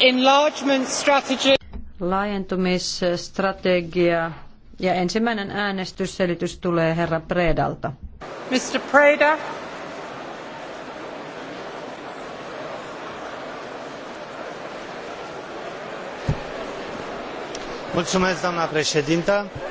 enlargement strategy. Laajentumisstrategia ja ensimmäinen äänestysselitys tulee herra Predalta. Mr. Preda. Mulțumesc, doamna președintă.